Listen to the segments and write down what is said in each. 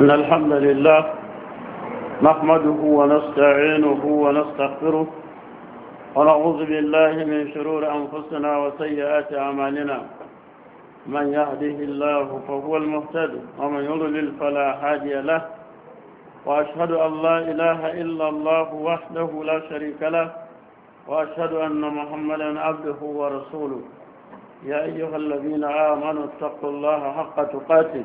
إن الحمد لله نحمده ونستعينه ونستغفره ونعوذ بالله من شرور أنفسنا وسيئات أعمالنا من يهده الله فهو المهتد ومن يضلل فلا هادي له وأشهد أن لا إله إلا الله وحده لا شريك له وأشهد أن محمدا عبده ورسوله يا أيها الذين آمنوا اتقوا الله حق تقاته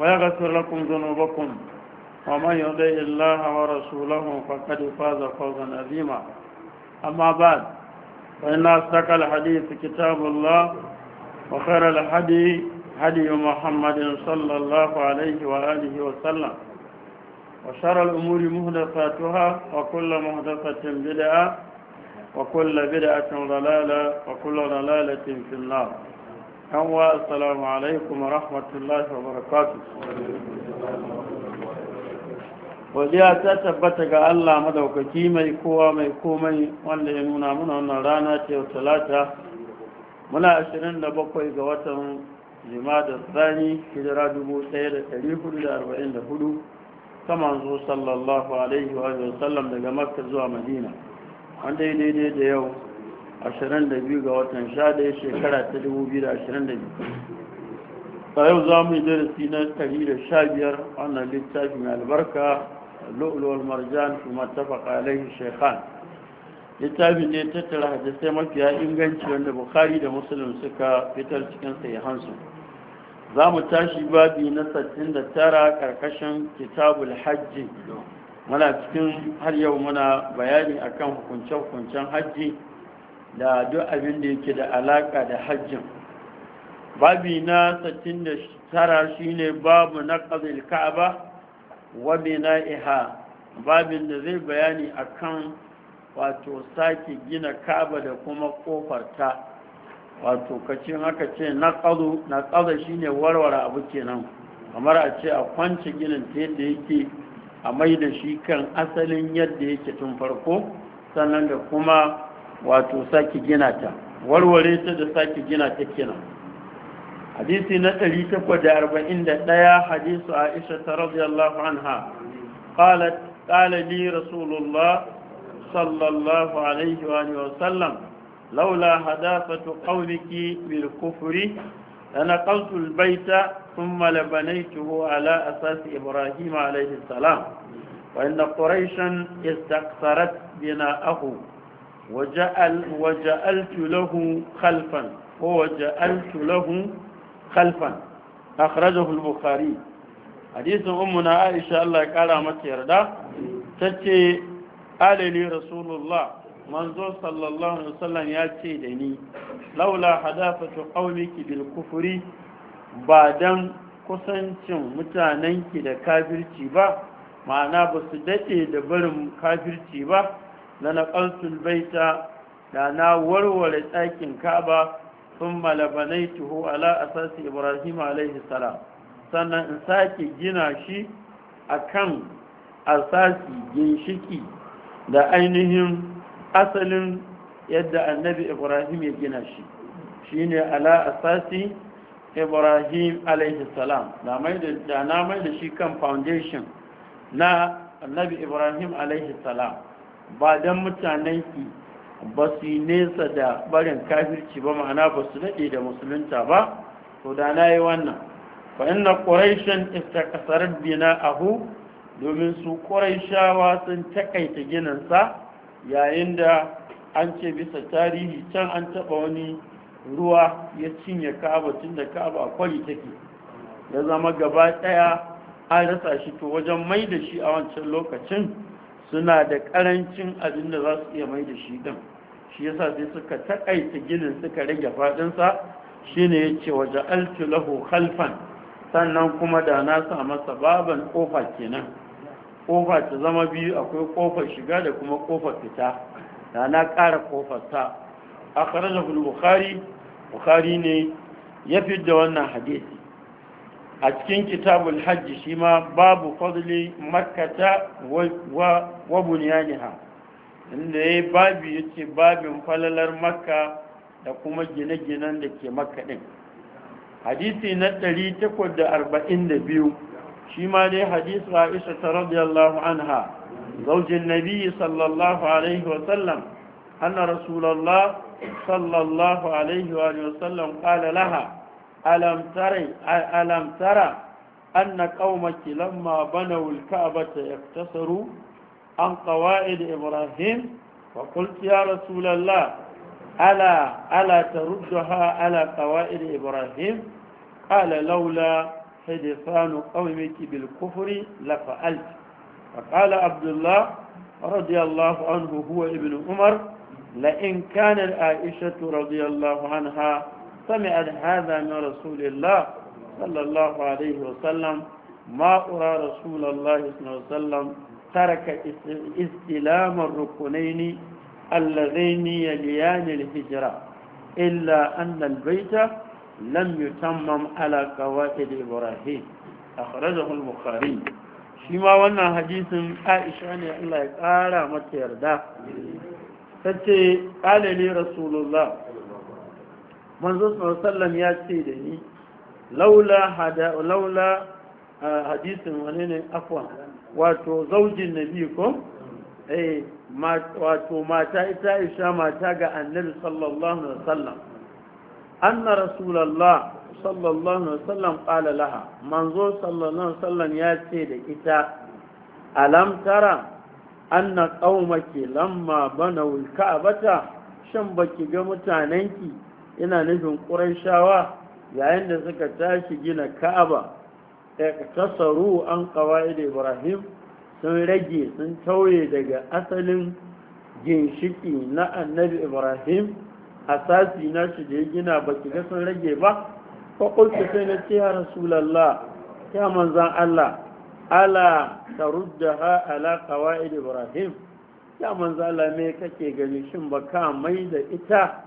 ويغفر لكم ذنوبكم ومن يطع الله ورسوله فقد فاز فوزا عظيما أما بعد فإن أصدق الحديث كتاب الله وخير الحديث هدي محمد صلى الله عليه وآله وسلم وشر الأمور مهدفاتها وكل مهدفة بدعة وكل بدعة ضلالة وكل ضلالة في النار wa assalamu alaikum rahmatullahi wa barakatu wajiya ta tabbata ga Allah madaukaki mai kowa mai komai wanda ya nuna muna wannan rana ce talata muna 27 ga watan limadar tsani hijira 1444 kama zo sallallahu alaihi wa sallam daga makka zuwa madina wanda ya daidai da yau 22 ga watan 11 shekara ta 2022 a yau za mu yi darasi na 115 wannan littafin albarka lo'ulowar marjan kuma tafaka alaihi shekhan littafin ne tattara hadisai mafiya inganci wanda bukari da musulun suka fitar cikin sahihansu za mu tashi babi na 69 karkashin kitabul hajji muna cikin har yau muna bayani akan hukunce-hukuncen hajji da duk abin da yake da alaka da hajjin babi na 69 shine babu na ƙazil ka'aba wa bina'iha babin da zai bayani akan wato sake gina ka'aba da kuma kofarta wato kacin haka ce na ƙazo shine warware abu kenan kamar a ce a kwance ginin ta yadda yake a mai da shi kan asalin yadda yake tun farko sannan da kuma wato sake gina ta warware ta da sake gina ta kenan hadisi na 841 hadisu Aisha ta radiyallahu anha qalat qala li rasulullah sallallahu alaihi wa alihi wa sallam laula hadafatu qawliki bil kufri لنقلت البيت ثم لبنيته على أساس إبراهيم عليه السلام وإن قريشا استكثرت بناءه وجعلت له خلفا وجعلت له خلفا أخرجه البخاري حديث أمنا عائشة الله قال ما تيردا تتي قال لي رسول الله منظور صلى الله عليه وسلم ياتي دني لولا حداثة قومك بالكفر بعدن kusancin mutanenki da kafirci ba ma'ana ba su daɗe da barin kafirci ba na bai baita da na warware ɗakin kaba sun malabanai tuho ala asasi ibrahim salam sannan in sake gina shi a kan asasi ginshiki da ainihin asalin yadda annabi ibrahim ya gina shi shine ala asasi ibrahim salam da na mai da shi kan foundation na annabi ibrahim salam ba don ki ba su yi nesa da barin kafirci ba ma'ana ba su daɗe da musulunta ba to da na yi wannan fa inna quraishan istaqsarat bina'ahu domin su quraishawa sun takaita ginin sa yayin da an ce bisa tarihi can an taba wani ruwa ya cinye kaba tun da Ka'aba kwari take ya zama gaba daya an rasa shi to wajen mai da shi a wancan lokacin suna da karancin abin da za su iya mai da shi din shi yasa sai suka takaita ginin suka rage faɗinsa shine yace waje altulahu khalfan sannan kuma da na sa masa baban kofa kenan kofa ta zama biyu akwai kofar shiga da kuma kofar fita da na ƙara kofar ta akhrajahu bukhari bukhari ne ya da wannan hadisi a cikin kitabul hajji shi ma babu fadli makkata wa buniyaniha inda ya babu ya ce babin falalar makka da kuma gine-ginen da ke makka ɗin hadisi na 842 shi ma dai hadisu aisha ta radiyallahu anha zaujin nabi sallallahu alaihi wasallam anna rasulallah sallallahu alaihi wasallam ƙala laha alam tara anna qaumaki lamma banaw al yaktasaru an qawa'id ibrahim fa qultu ya rasulallah ala ala taruddaha ala qawa'id ibrahim qala laula حدثان قومك بالكفر لفعلت فقال عبد الله رضي الله عنه هو ابن عمر لئن كان عائشة رضي الله عنها سمع هذا من رسول الله صلى الله عليه وسلم ما أرى رسول الله صلى الله عليه وسلم ترك استلام الركنين اللذين يليان الهجرة إلا أن البيت لم يتمم على قواعد إبراهيم أخرجه البخاري شما وانا حديث عائشة الله قال متى يرضى فتي قال لي رسول الله manzo sallam ya ce da ni laula hada laula hadisin wani ne afwan wato zaujin nabi ko eh wato mata ita isha mata ga annabi sallallahu alaihi wasallam anna rasulullah sallallahu alaihi wasallam qala laha manzo sallallahu alaihi wasallam ya ce da ita alam tara anna qaumaki lamma banaw al-ka'bata shan baki ga ki? ina nufin shawa? yayin da suka tashi gina ka'aba kasaru an ƙawa'id ibrahim sun rage sun tauye daga asalin ginshiki na annabi ibrahim asasi na shi da ya gina ba ki ga sun rage ba Ko faƙulta sai na ce ya rasulallah ya manzan allah ala taruddaha ala ƙawa'id ibrahim ya manzan allah me kake gani shin ba ka mai da ita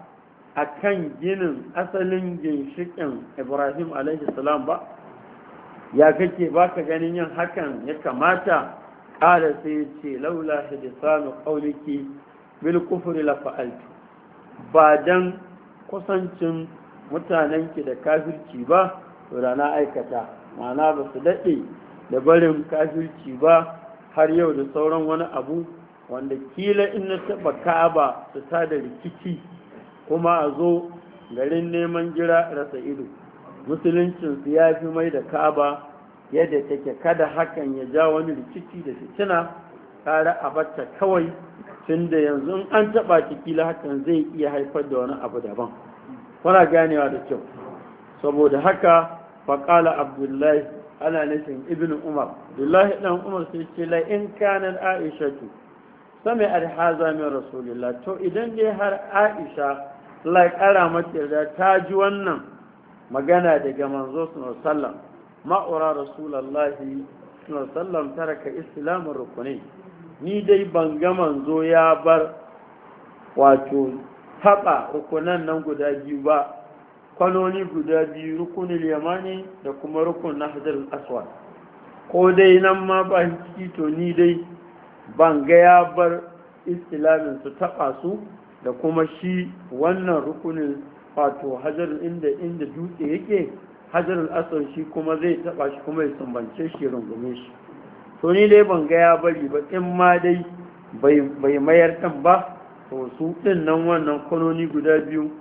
a kan ginin asalin ginshikin ibrahim salam ba ya kake baka ganin yin hakan ya kamata ƙara sai ce laula hadisanu ƙauniki bil kufri la fa'altu ba dan kusancin mutanenki da kafirci ba to rana aikata ma'ana ba su daɗe da barin kafirci ba har yau da sauran wani abu wanda kila in na taɓa ka'aba su tada rikici kuma a zo garin neman jira rasa ido musuluncin su ya fi mai da kaba yadda take kada hakan ya ja wani rikici da fitina tare a bata kawai tun da yanzu an taɓa kila hakan zai iya haifar da wani abu daban kuna ganewa da kyau saboda haka faƙala abdullahi ana nufin ibn umar abdullahi ɗan umar sai ce la in kanar aisha tu sami alhaza min rasulillah to idan dai har aisha Allah ya kara mata yarda ta ji wannan magana daga manzo sallam ma'ura rasulullahi sallam taraka islamun rukuni ni dai ban ga manzo ya bar wato taɓa rukunan nan guda biyu ba kwanoni guda biyu rukunin yamani da kuma rukun na hajjar aswad ko dai nan ma ba to ni dai ban ga ya bar islamin su taɓa su da kuma shi wannan rukunin wato hajar inda inda dutse yake hajar asar shi kuma zai taba shi kuma ya sambance shi rungume shi to ni dai ban ga ya bari ba in ma dai bai mayar kan ba to su din nan wannan kwanoni guda biyu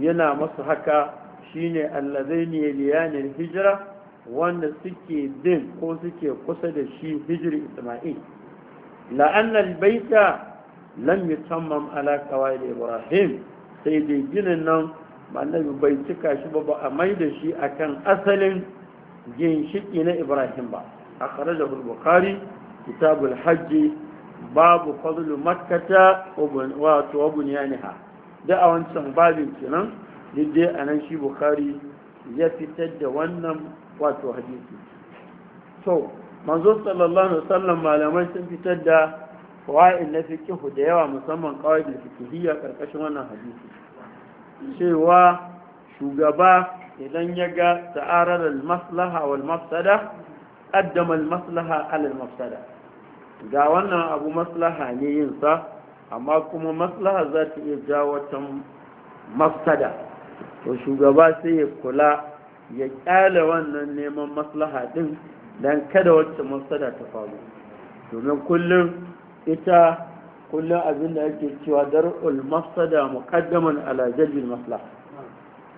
yana masu haka shine allazaini liyanin hijira wanda suke bin ko suke kusa da shi hijir isma'il la'annal baita lam yusammam ala qawaid ibrahim sai dai ginin nan annabi bai cika shi ba ba a mai da shi akan asalin ginshiki na ibrahim ba a kharajahu bukhari kitabul hajji babu fadlu makkata wa tuwabuniyaniha da a wancan babin kenan a nan shi bukhari ya fitar da wannan wato hadisi to manzo sallallahu alaihi wasallam malamai sun fitar da fawa'id na fikihu da yawa musamman kawai da fikihiyya karkashin wannan hadisi cewa shugaba idan ya ga ta'arar al-maslaha wal mafsada addama al-maslaha ala mafsada ga wannan abu maslaha ne yin sa amma kuma maslaha za ta iya jawo wata mafsada to shugaba sai ya kula ya kyale wannan neman maslaha din dan kada wacce mafsada ta faru domin kullum ita kullum abin da yake cewa dar ulmasada muqaddaman ala jalbil maslaha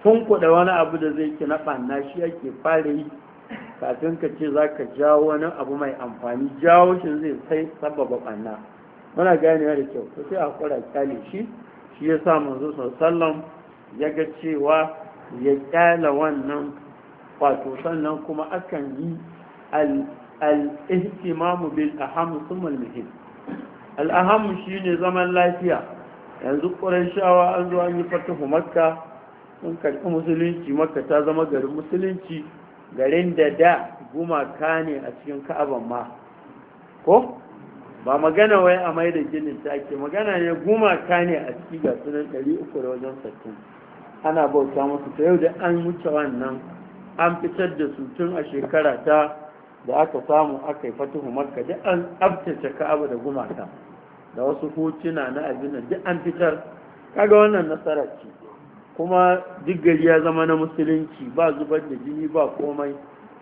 tun kuɗa wani abu da zai ki na ɓanna shi ake fara yi kafin ka ce za ka jawo wani abu mai amfani jawo shi zai sai sababa ɓanna muna ganewa da kyau to sai a kura kyale shi shi ya sa manzo sallam ya ga cewa ya kyala wannan wato sannan kuma akan yi al-ihtimamu bil aham sumul muhim al'ahamu shi ne zaman lafiya yanzu shawa an zo an yi fatahu makka sun karɓi musulunci makka ta zama garin musulunci garin da da gumaka ne a cikin ka'aban ma ko ba magana wai a mai da ginin take magana ne gumaka ne a ciki ga sunan 300 da wajen sattun ana bauta musu ta yau da an wuce wannan an fitar da su tun a shekara ta da aka samu aka yi fatihu makka da an tsabtace ka'aba da gumaka da wasu hotuna na abin nan duk an fitar kaga wannan nasara ce kuma duk gari ya zama na musulunci ba zubar da jini ba komai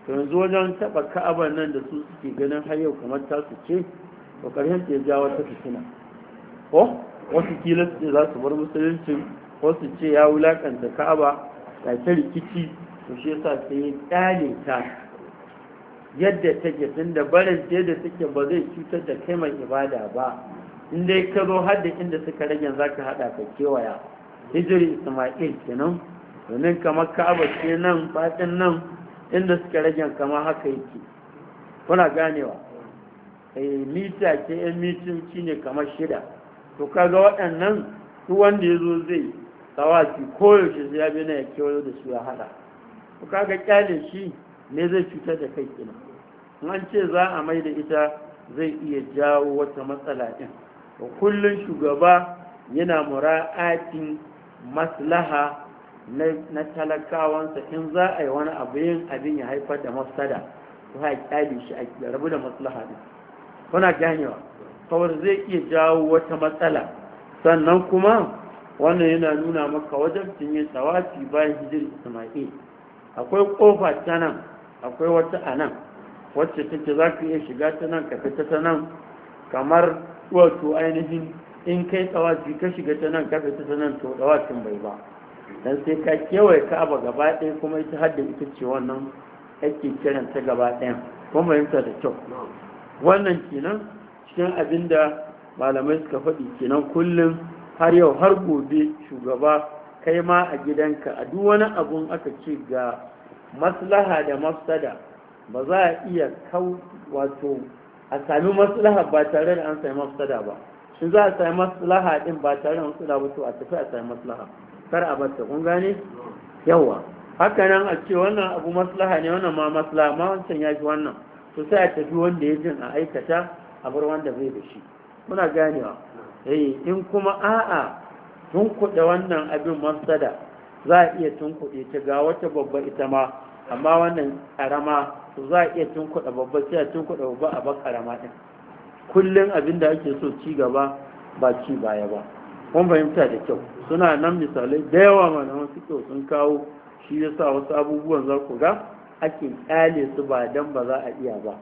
to yanzu wajen taba ka'abar nan da su suke ganin har yau kamar ta su ce to karshen ke ja wata fitina ko wasu kila su ce za su bar musulunci su ce ya wulakanta ka'aba ga ta rikici to shi yasa sai kyale ta yadda take tunda barin da take ba zai cutar da kai mai ibada ba in dai ka zo har da inda suka rage za ka haɗa ka kewaya hijiri isma'il kenan domin kamar ka'aba ce nan fadin nan inda suka rage kama haka yake kuna ganewa eh, mita ce yan mitoci ne kamar shida to kaga waɗannan duk wanda ya zo zai tsawaci koyaushe sai ya bi ya kewayo da su ya haɗa to kaga kyale shi ne zai cutar da kai kina an ce za a mai da ita zai iya jawo wata matsala ɗin kullum shugaba yana mura'atin maslaha na talakawansa in za a yi wani abu yin abin ya haifar da mafsada ko ha shi a rabu da maslaha din kuna ganewa kawar zai iya jawo wata matsala sannan kuma wannan yana nuna maka wajen cinye tsawafi bayan hijir isma'il akwai kofa ta nan akwai wata a nan wacce take za ka iya shiga ta nan ka fita ta nan kamar wato ainihin in kai tsawaci ka shiga ta nan ka ta nan to tsawafin bai ba dan sai ka kewaye ba gaba ɗaya kuma ita hadda ita ce wannan ake kiran ta gaba ɗaya kuma fahimta da kyau wannan kenan cikin abin da malamai suka faɗi kenan kullum har yau har gobe shugaba kai ma a gidanka a duk wani abun aka ce ga maslaha da mafsada ba za a iya kau wato a sami maslaha ba tare da an sami mafsada ba shi za a sami maslaha din ba tare da mafsada ba to a tafi a sami maslaha kar a bar ta kun gane yawa haka nan a ce wannan abu maslaha ne wannan ma maslaha ma wancan ya fi wannan to sai a tafi wanda ya jin a aikata a bar wanda bai da shi muna ganewa eh in kuma a'a tun wannan abin mafsada za a iya tun ta ga wata babba ita ma amma wannan ƙarama to za a iya tunkuɗa babba sai a tunkuɗa babba a karama ɗin. kullum abin da ake so ci gaba ba ci baya ba kun fahimta da kyau suna nan misalai da yawa malaman kyau sun kawo shi ya sa wasu abubuwan za ku ga ake kyale su ba dan ba za a iya ba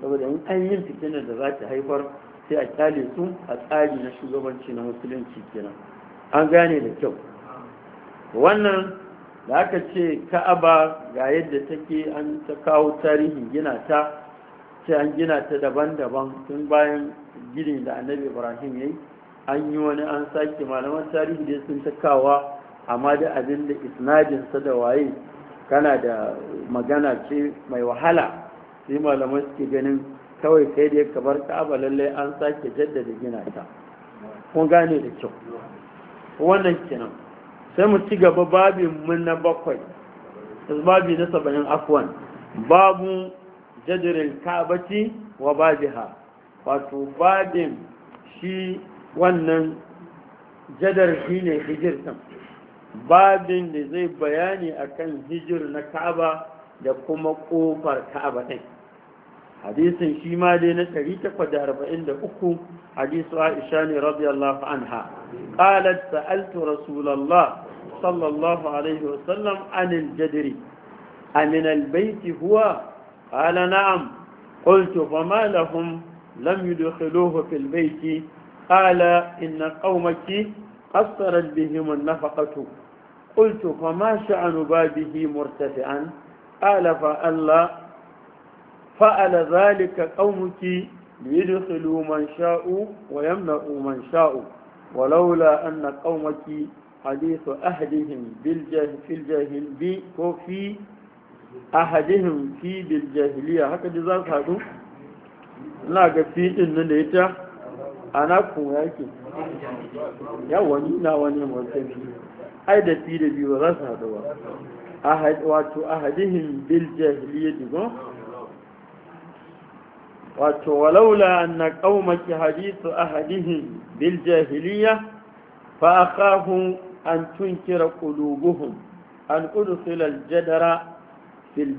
saboda in an yi fitinar da za ta haifar sai a kyale su a tsari na shugabanci na musulunci kenan an gane da kyau wannan da aka ce ka'aba ga yadda take an ta kawo tarihin gina ta sai an gina ta daban-daban tun bayan gini da annabi ibrahim ya yi an yi wani an sake malaman tarihi da sun ta kawo amma da abin da isnadinsa da waye kana da magana ce mai wahala sai malaman suke ganin kawai kai da ka bar ka'aba lallai an sake jaddada gina ta kun gane da kyau wannan kenan sai mu ci gaba babin mun na bakwai babi na saba'in afwan babu jajirin kabati wa babiha wato babin shi wannan jadar shi ne hijirtan babin da zai bayani akan hijir na kaba da kuma kofar kaba ɗin hadisin shi ma dai na 843 hadisu aisha ne radiyallahu anha qalat sa'altu rasulullah sallallahu alaihi wasallam anil jadri amin albayti huwa qala na'am qultu fama lahum lam yudkhiluhu fil bayti qala inna qaumaki qassarat bihim an-nafaqatu qultu fama sha'anu babihi murtafi'an qala fa alla fa'ala zalika qaumuki yudkhilu man sha'u wa yamna man sha'u walaula anna qaumaki hadithu ahdihim bil jahil fil jahil bi ko fi ahadihin fi biljahiliya jahiliya haka ji za su haɗu ina ga fi ɗin nan da ita ana kuma yake ya wani na wani wancan fi ai da fi da biyu za su haɗu ba wato ahadihin bil jahiliya digon wato walaula anna qaumaki hadithu ahadihim bil jahiliya fa akhahu an tunkira qulubuhum an udkhila al jadara fil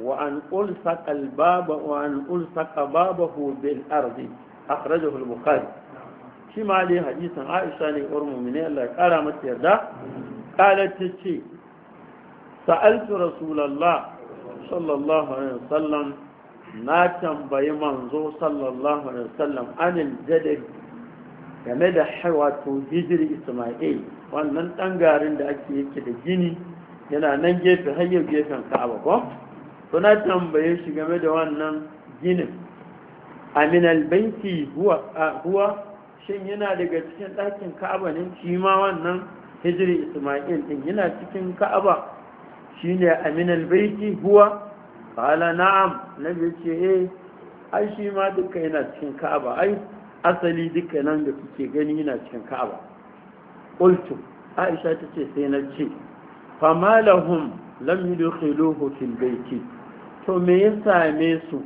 wa an ulsaqa al baba wa an ulsaqa babahu bil ardi akhrajahu al hulbukari. shi ma dai hadisin Aisha ne uwar mu'mini Allah ya kara mata yarda qalat ce sa'altu Rasulallah sallallahu alaihi wasallam na tambayi manzo sallallahu alaihi wasallam anil jadid game da wato hijiri isma'il wannan ɗan garin da ake yake da gini yana nan gefe hanyar gefen ka'aba ko to na tambaye shi game da wannan ginin aminal baiti huwa huwa shin yana daga cikin ɗakin ka'aba ne shi ma wannan hijiri isma'il din yana cikin ka'aba shine aminal baiti huwa qala na'am nabi ce eh ai shi ma duka yana cikin ka'aba ai asali duka nan da kuke gani yana cikin ka'aba qultu aisha ta ce sai na ce famalahum lahum lam yudkhiluhu fil bayti to me ya same su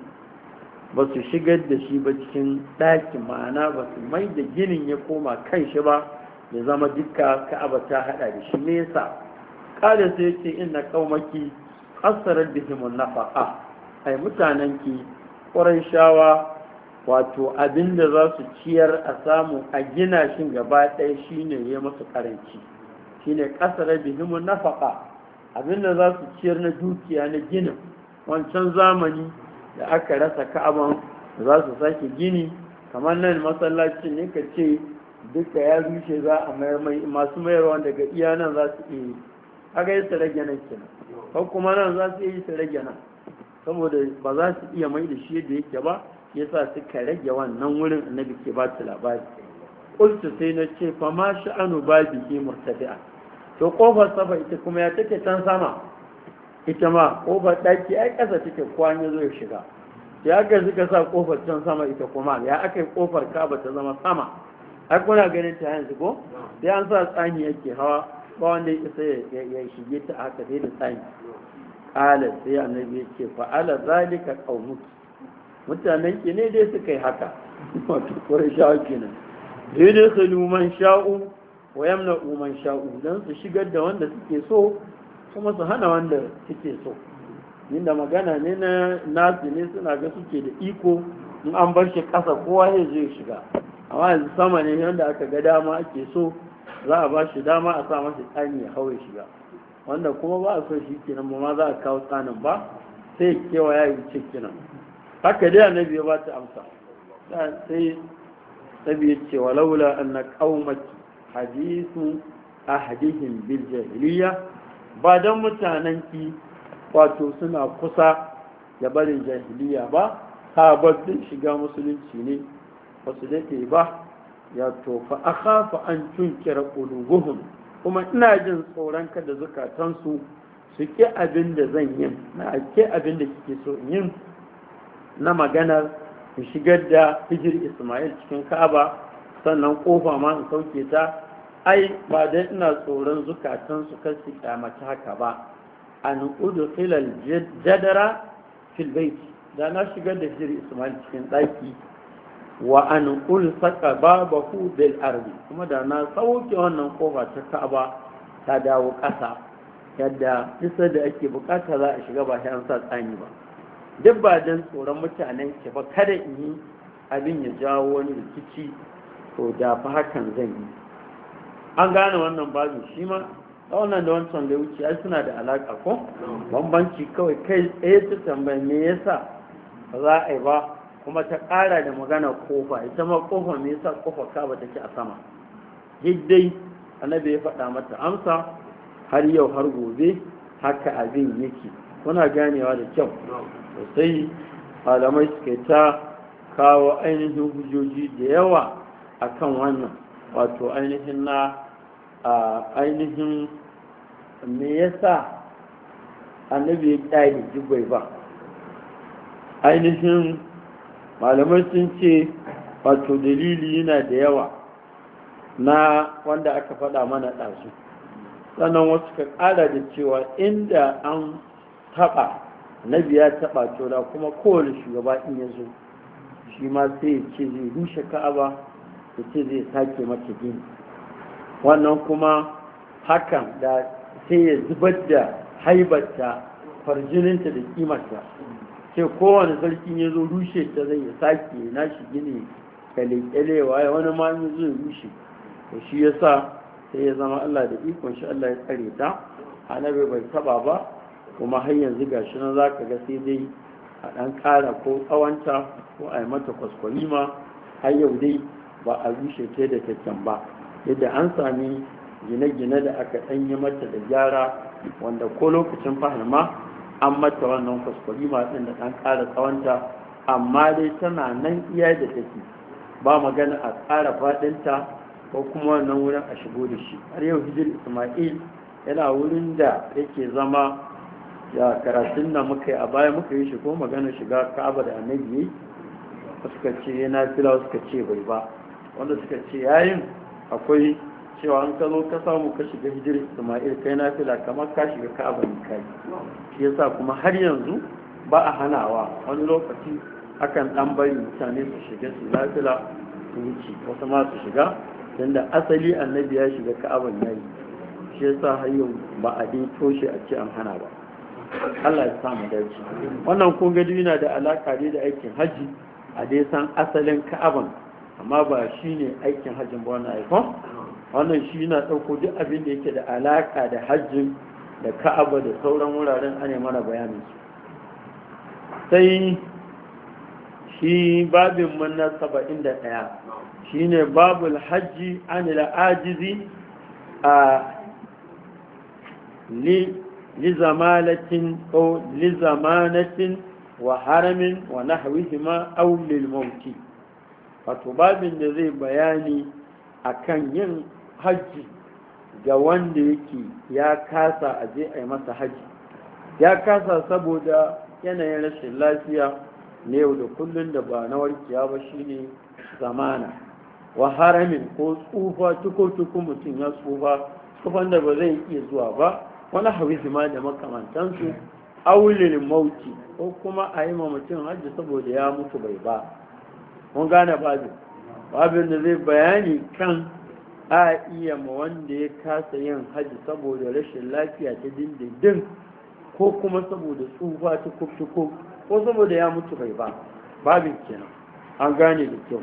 ba su shigar da shi ba cikin ɗaki ma'ana ba su mai da ginin ya koma kan shi ba ya zama dukka ka'aba ta hada da shi me yasa kada sai ce inna qaumaki kasarar bihimun nafa'a ai mutanen ki ƙwarai shawa wato abinda za su ciyar a samu a gina shi gaba ɗaya shine ya masu ƙaranci shine ƙasarar bihimun nafa'a abinda abinda za su ciyar na dukiya na ginin wancan zamani da aka rasa ka'aban za su sake gini kamar nan masallacin ne ka ce duka ya rushe za a mayar masu mayarwa daga iya nan za su iya yi a ga rage nan kenan ko kuma nan za su yi su rage nan saboda ba za su iya mai da shi da yake ba yasa ka rage wannan wurin annabi ke ba su labari qultu sai na ce fa ma bi ke murtafi'a to ƙofar safa ita kuma ya take can sama ita ma ƙofar daki ai kasa take kwanye zo ya shiga ya aka suka sa kofar can sama ita kuma ya aka yi kofar kaba ta zama sama ai kuna ganin ta yanzu ko sai an sa tsani yake hawa ba wanda ya isa ya shige ta haka sai da tsani kala sai annabi ya ce fa'ala zalika qaumuki mutanen ki ne dai suka yi haka wato sha'u kenan dai dai su man sha'u wa yamna man sha'u dan su shigar da wanda suke so kuma su hana wanda suke so inda magana ne na nasu ne suna ga suke da iko in an bar shi ƙasa kowa zai shiga amma yanzu sama ne wanda aka ga dama ake so za a ba shi dama a sa masa tsani ya haure shiga wanda kuma ba a so shi kenan ba ma za a kawo tsanin ba sai kewa ya yi cikki nan. haka dai na biyu ba ta amsa sai nabi biyu ce walaula anna hadisu a hadihin bil jahiliya ba don mutanen ki wato suna kusa da barin jahiliya ba Ta ha shiga musulunci ne wasu dake ba ya to fa akhafu an tunkira qulubuhum kuma ina jin tsoron da zukatansu su ki abin da zan yi na ke abin da kike so in yi na maganar in shigar da hijir Ismail cikin Ka'aba sannan kofa ma in sauke ta ai ba dai ina tsoron zukatansu kar su kyamata haka ba an udu filal jadara fil da na shigar da hijir Ismail cikin ɗaki. wa an ulsaka babahu bil ardi kuma da na sauke wannan kofa ta kaba ta dawo kasa yadda isa da ake bukata za a shiga ba sai an sa tsani ba duk ba dan tsoron mutanen ke ba kada in yi abin ya jawo wani rikici to da fa hakan zan yi an gane wannan babu shi ma wannan da wancan da wuce ai suna da alaka ko bambanci kawai kai tsaye ta tambaye me yasa ba za a yi ba kuma ta ƙara da magana kofa ita ma kofa me yasa kofa kaba take a sama hiddai annabi ya faɗa mata amsa har yau har gobe haka abin yake kuna ganewa da kyau sai malamai suka ta kawo ainihin hujjoji da yawa a kan wannan wato ainihin na ainihin me yasa annabi ya ƙyale jibai ba ainihin malamai sun ce wato dalili yana da yawa na wanda aka faɗa mana ɗazu sannan wasu ka ƙara da cewa inda an taɓa na biya taɓa tura, kuma kowane shugaba in ya zo shi ma sai ya ce zai rushe ka'aba ya ce zai sake mata gini wannan kuma hakan da sai ya zubar da haibarta farjininta da kimarta ce kowane sarkin ya zo rushe ta zai ya sake na shi gini kyalekyalewa ya wani ma ya zo rushe to shi ya sa sai ya zama Allah da ikon shi Allah ya tsare ta annabi bai taba ba kuma har yanzu shi na za ka ga sai dai a ɗan ƙara ko tsawanta ko a yi mata kwaskwari ma har yau dai ba a rushe ta da kyakkyan ba yadda an sami gine-gine da aka yi mata da gyara wanda ko lokacin fahimma an mata wannan kwaskwari masu da ɗan ƙara tsawonta amma dai tana nan iya da take ba magana a ƙara faɗinta ko kuma wannan wurin a shigo da shi har yau hijir ismail yana wurin da yake zama da karatun da muka yi a baya muka yi shigo magana shiga ka'aba da annabi suka ce yana filawa suka ce bai ba wanda suka ce yayin akwai cewa an ka zo ka samu ka shiga hijir isma'il kai na fila kamar ka shiga ka'aba ne kai shi yasa kuma har yanzu ba a hanawa wani lokaci akan dan bari mutane su shiga su lafila su wuce wasu ma su shiga tunda asali annabi ya shiga ka'aba ne shi yasa har yau ba a dai toshe a ce an hana ba Allah ya samu dace wannan kun ga yana da alaka ne da aikin haji a dai san asalin ka'aban amma ba shine aikin hajjin ba wannan aikon wannan shi yana ɗauko duk abin da yake da alaƙa da hajji da ka'aba da sauran wuraren ana mana bayanin sai shi babin manna saba'in da ɗaya shi ne babul hajji anila ajizi a lizamanatin ko lizamanatin wa haramin wa na aw aulil mauti wato babin da zai bayani akan yin hajji ga wanda yake ya kasa a je a yi masa hajji ya kasa saboda yanayin rashin lafiya na yau da kullum da ba na warkiya ba shine zamana wa haramin ko tsufa tuko-tuko mutum ya tsufa tsufan da ba zai iya zuwa ba wani hawi ma da makamantansu aulil mauti ko kuma a yi mutum hajji saboda ya mutu bai ba mun gane babin babin da zai bayani kan a iya ma wanda ya kasa yin hajji saboda rashin lafiya ta dindindin ko kuma saboda tsufa ta kuftuku ko saboda ya mutu bai ba babin kenan an gane da kyau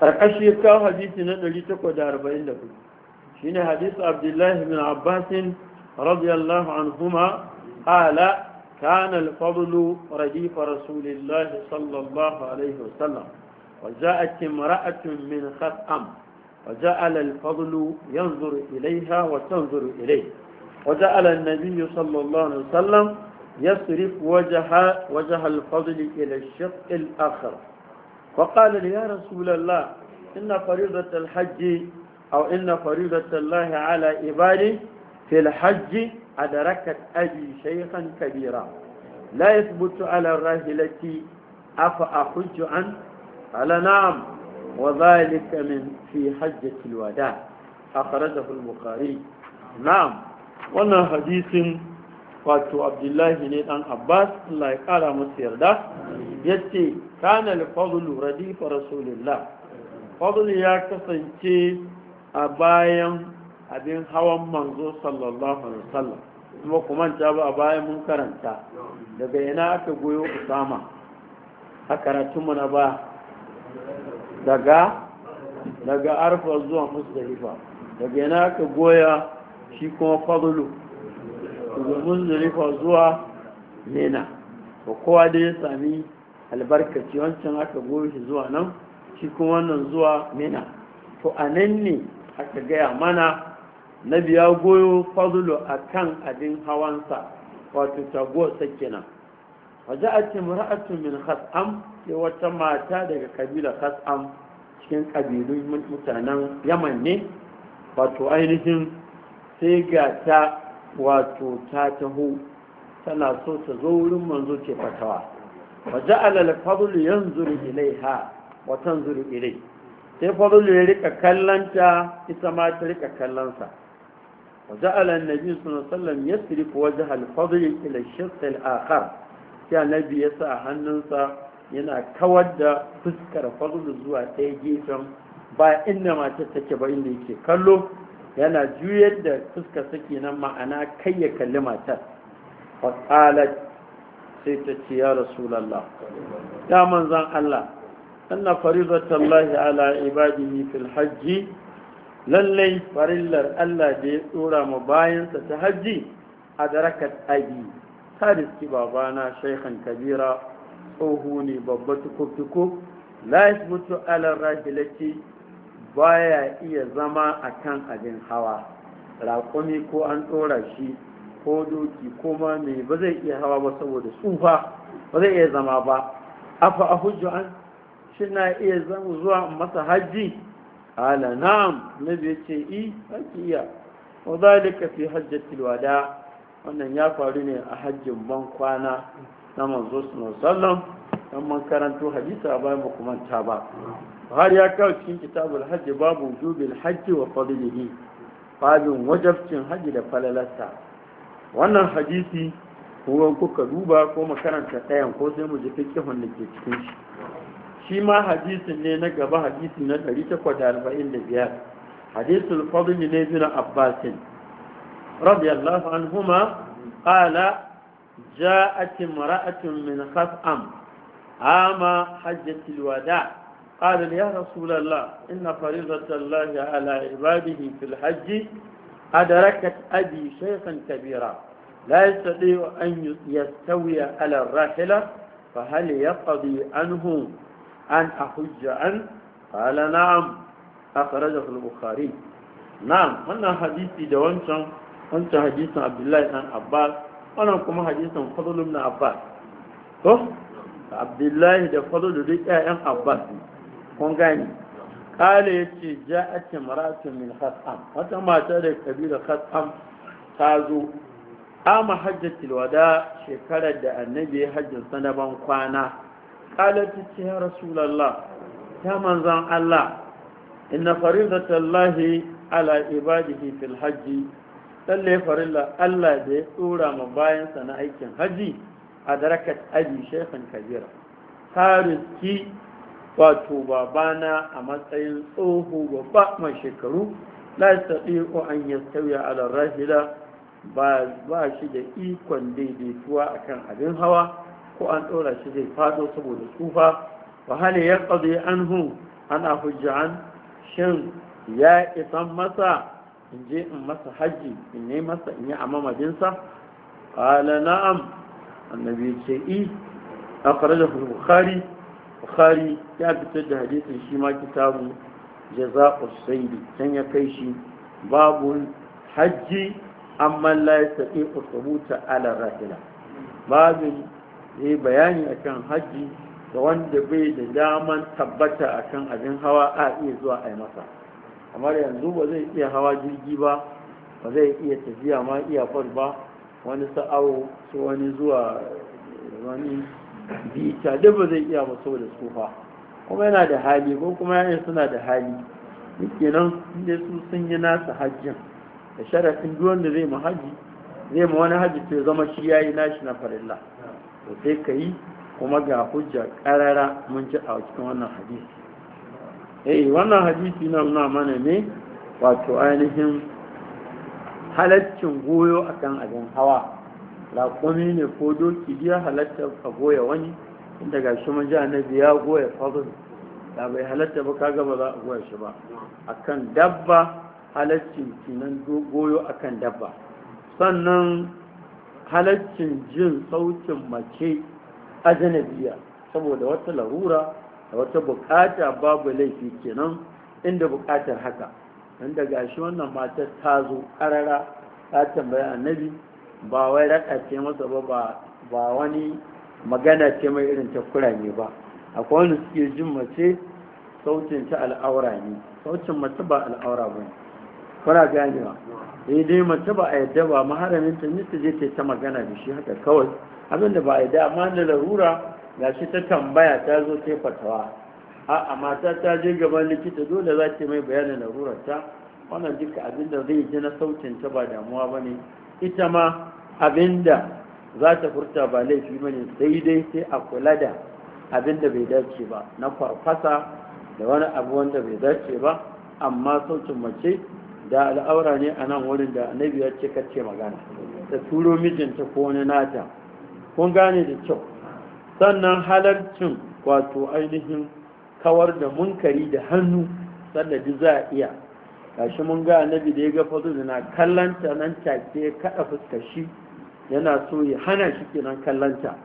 ƙarƙashi kawo hadisi na 844 shi ne hadisi abdullahi bin abbasin radiyallahu huma ala kanal alfadlu radifa rasulillahi sallallahu alaihi wasallam وجاءت امرأة من خطأم وجعل الفضل ينظر إليها وتنظر إليه وجعل النبي صلى الله عليه وسلم يصرف وجه وجه الفضل إلى الشق الآخر فقال لي يا رسول الله إن فريضة الحج أو إن فريضة الله على عباده في الحج أدركت أبي شيخا كبيرا لا يثبت على الراهلة أفأحج عنه قال نعم وذلك من في حجة الوداع أخرجه البخاري نعم وانا حديث wato abdullahi ne dan abbas Allah ya kara masa yarda yace kana al-fadlu radifa rasulillah fadlu ya kasance a bayan abin hawan manzo sallallahu alaihi wasallam kuma kuma ta ba a bayan mun karanta daga ina aka goyo usama a karatunmu na ba daga daga arfa zuwa musdalifa daga yana ka goya shi kuma fadlu daga musdalifa zuwa nena ba kowa da ya sami albarkaci wancan aka goya shi zuwa nan shi kuma wannan zuwa mina to a nan ne aka gaya mana na biya goyo fadlu a kan abin hawansa wato taguwa sakina وجاءت امرأة من خسام وتما تادك قبيلة خسام cikin ƙabilun mutanen yaman ne wato ainihin sai ga ta wato ta taho tana so ta zo wurin manzo ke fatawa wa ja'ala al-fadl yanzuru ilaiha wa tanzuru ilai sai fadl ya rika kallanta ita ma ta rika kallansa wa ja'ala an sallallahu alaihi wasallam yasrifu wajha al-fadl ila ash-shakhs al-akhar sai annabi ya sa hannunsa yana kawar da fuskar fadlu zuwa ɗaya gefen ba inda matar take ba inda yake kallo yana juyar da fuskar sake nan ma'ana kai ya kalli matar faƙalat sai ta ce ya rasulallah ya manzan Allah anna faridatallahi ala ibadihi fil hajji lallai farillar Allah da ya tsora ma bayansa ta hajji a darakat abi ta riski babana shaikhan kabira tsoho ne babba tukutuku la mutu ala rahilati baya iya zama akan abin hawa raƙumi ko an ɗora shi ko doki ko ma me ba zai iya hawa ba saboda tsufa ba zai iya zama ba afa a an shi na iya zama zuwa masa hajji ala na'am nabi ya ce i eh, haki iya wa zalika fi hajjatil wada wannan ya faru ne a hajjin ban kwana na manzo sallam dan man karanto hadisi a bayan makumanta ba har ya kawo cikin kitabul hajji babu jubil hajji wa fadlihi babin wajabcin hajji da falalarsa wannan hadisi kuma kuka duba ko makaranta ɗayan ko sai mu ji fikihun da ke cikin shi shi ma hadisin ne na gaba hadisi na 845 hadisul fadli ne bin abbasin رضي الله عنهما قال جاءت امرأة من خثأم عام حجة الوداع قال يا رسول الله إن فريضة الله على عباده في الحج أدركت أبي شيخا كبيرا لا يستطيع أن يستوي على الراحلة فهل يقضي عنه أن أحج عنه قال نعم أخرجه البخاري نعم أنا حديثي دوانشا wancan hadisin abdullahi ɗan abbas wannan kuma hadisin fadlun na abbas to abdullahi da fadlun duk ƴaƴan abbas kun gani. kala ya ce ja ake maratun min khatam wata mata da kabila khatam ta zo ama hajjatul wada shekarar da annabi ya hajjin sanaban kwana kala ta ce ya rasulallah ya manzan allah inna faridatallahi ala ibadihi fil hajji tsalle farilla Allah da ya tsura ma bayansa na aikin haji a darakat abi shekhan kabira ki wato babana a matsayin tsoho babba mai shekaru la ko an a ala rahila ba shi da ikon daidaituwa kan abin hawa ko an ɗora shi zai fado saboda tsufa wa hali ya qadi anhu ana hujja shin ya isan masa in je in masa hajji in yi masa in yi a mamadinsa ƙala na'am annabi ce i eh, a farajar bukhari bukhari ya fitar da hadisin shi ma kitabu jaza'u saidi can ya kai shi babu hajji amma la ya tafi usubuta ala rahila Babu ya yi bayani akan hajji ga wanda bai da daman tabbata akan abin hawa a iya zuwa a yi masa kamar yanzu ba zai iya hawa jirgi ba ba zai iya tafiya ma iyakar ba wani sa'awo su wani zuwa wani bita duk ba zai iya ba saboda tsufa kuma yana da hali ko kuma yayin suna da hali kenan inda su sun yi nasa hajjin da sharafin duk wanda zai ma zai ma wani hajji to zama shi yayi nashi na farilla to sai ka yi kuma ga hujja karara mun ji a cikin wannan hadisi eh wannan hadisi na nuna mana ne wato ainihin halaccin goyo kan abin hawa laƙumi ne ko doki biya halatta ka goya wani inda ga shi maji annabi ya goya fadl da bai halatta ba kaga ba za a goya shi ba akan dabba halaccin kinan goyo akan dabba sannan halaccin jin sautin mace ajanabiya saboda wata larura da wata bukata babu laifi kenan inda bukatar haka inda gashi wannan matar ta zo karara ta tambaya annabi ba wai raɗa ce masa ba ba wani magana ce mai irin ta kurame ba akwai wani suke jin mace sautin ta al'aura ne sautin mace ba al'aura ba ne kuna ganewa eh dai mace ba a yadda ba maharamin ta ne ta je ta magana da shi haka kawai abinda ba a yadda amma da larura gashi ta tambaya ta zo ta fatawa a mata ta je gaban likita dole za ta mai bayanin larurarta wannan duka abinda zai ji na sautin ta ba damuwa ba ne ita ma abinda za ta furta ba laifi ba ne sai dai sai a kula da abinda bai dace ba na farfasa da wani abu wanda bai dace ba amma sautin mace da al'aura ne a nan wurin da annabi ya ce kacce magana ta turo mijinta ko wani nata kun gane da kyau sannan halarcin wato ainihin kawar da munkari da hannu sannan za a iya gashi mun ga annabi da ya ga da na kallanta nan take kada fuskar shi yana so ya hana shi kenan kallanta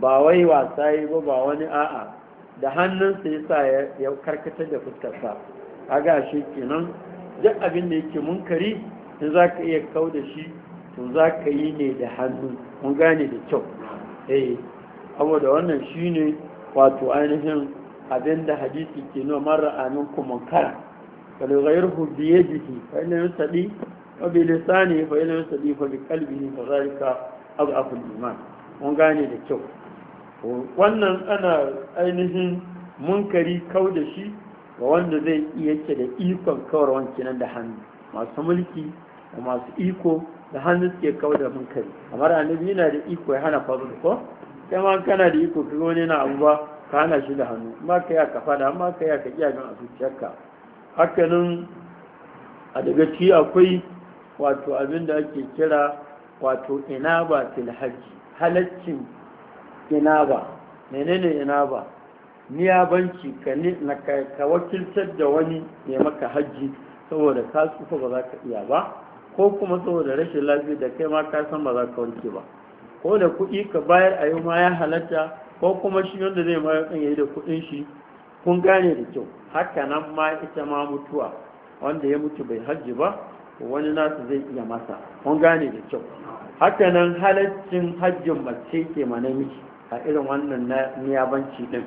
ba wai wasa yi ba ba wani a'a da hannunsa sa ya karkatar da fuskarsa a gashi kenan duk abin da yake munkari in za ka iya kau da shi to za ka yi ne da hannu mun gane da kyau eh saboda wannan shi ne wato ainihin abin da hadisi ke nuna mara amin kuma kara kalgayar hubiye jiki fa ina yin sadi wa bi lisani fa ina yin sadi fa bi kalbi fa zalika abu abu liman mun gane da kyau wannan ana ainihin munkari kau da shi ga wanda zai iya ke da ikon kawar wankinan da hannu masu mulki da masu iko da hannu suke kau da munkari kamar annabi yana da iko ya hana faru ko kama kana da iko kai wani na abu ba ka hana shi da hannu ma ka a kafa fada amma ka ya ka iya gan a zuciyarka nan a daga ci akwai wato abin da ake kira wato inaba til hajji halaccin inaba menene inaba niyabanci ka ka wakiltar da wani ne maka hajji saboda ka tsufa ba za ka iya ba ko kuma saboda rashin lafiya da kai ma ka san ba za ka wanke ba ko da kuɗi ka bayar a yau ma ya halatta ko kuma shi wanda zai mayar kan yayi da kuɗin shi kun gane da kyau haka nan ma ita ma mutuwa wanda ya mutu bai hajji ba wani nasu zai iya masa kun gane da kyau haka nan halaccin hajjin mace ke ma namiji a irin wannan na niyabanci din